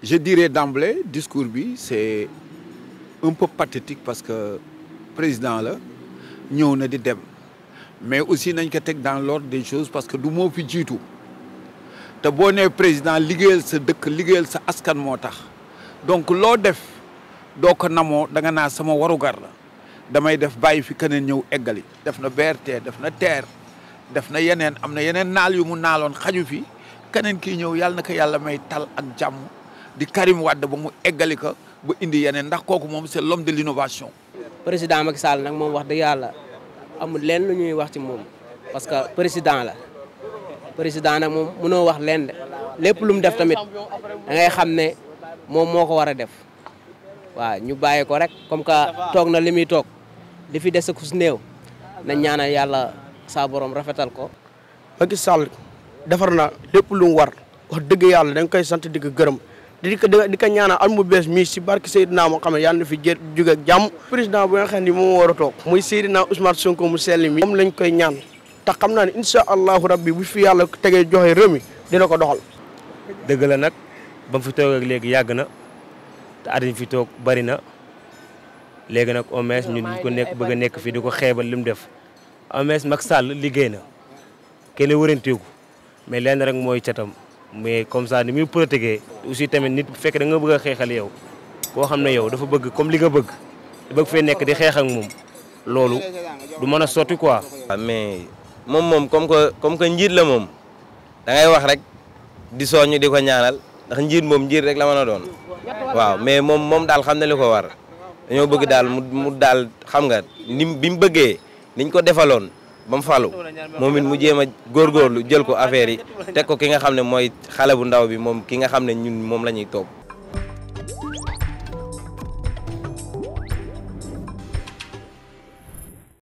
Je dire d'emblée, discours bi c'est un peu pathétique parce que président la ñëw na di dem mais aussi nañ ko teg dans l'ordre des choses parce que du moo fi jiitu te boo nee président liggéeyal sa dëkk liggéeyal sa askan moo tax donc loo def doo ko namoo da nga naa sama warugar la damay def bàyyi fi keneen ñëw eggali def na BRT def na TER def na yeneen am na yeneen naal yu mu naaloon xaju fi keneen kii ñëw yàlla na ko yàlla may tal ak jàmm di Karim Wade ba mu eggali ko ba indi yeneen ndax kooku moom c'est l'homme de l'innovation. président Macky Sall nag moom wax dëgg yàlla amul leen lu ñuy wax ci moom parce que président la président nag moom munoo wax leen de lépp lu mu def tamit da ngay xam ne moom moo ko war a def waaw ñu bàyyi ko rek comme que toog na li muy toog li fi des ak su néew nañ ñaanal yàlla. saa borom rafetal ko. Macky Sall defar na lépp lu mu war wax dëgg yàlla dañ koy sant di gërëm di ko di ko ñaanal at mu bees mii si barke Seydina moo xam ne yàlla na fi jé jóge ak jàmm. président bu nga xam ne moom war a toog. muy Seydina Ousmane Sonko mu sell mi. moom lañ koy ñaan te xam naa ne incha allahu rabbi bu fi yàlla tegee joxe réew mi dina ko doxal. dëgg la nag ba fi toog léegi yàgg na te fi toog bari na léegi nag au moins ñun ñu ko nekk ba a nekk fii di ko xeebal li mu def. amees Macky Sall liggéey na kenn wëranteeku mais lenn rek mooy catam mais comme ça ni muy protéger aussi tamit nit bu fekkee da bëgg a xeexal yow koo xam ne yow dafa bëgg comme li nga bëgg da bëgg fee nekk di xeex ak moom loolu du mën a sotti quoi. waaw mais moom moom comme que comme que njiit la moom da ngay wax rek di soñu di ko ñaanal ndax njiit moom njiit rek la mën a doon waaw mais moom moom daal xam na li ko war dañoo bëgg daal mu mu daal xam nga ni bi mu bëggee. niñ ko defaloon ba mu falu moom it mu jéem a góorgóorlu jël ko affaire yi teg ko ki nga xam ne mooy xale bu ndaw bi moom ki nga xam ne ñun moom la ñuy toog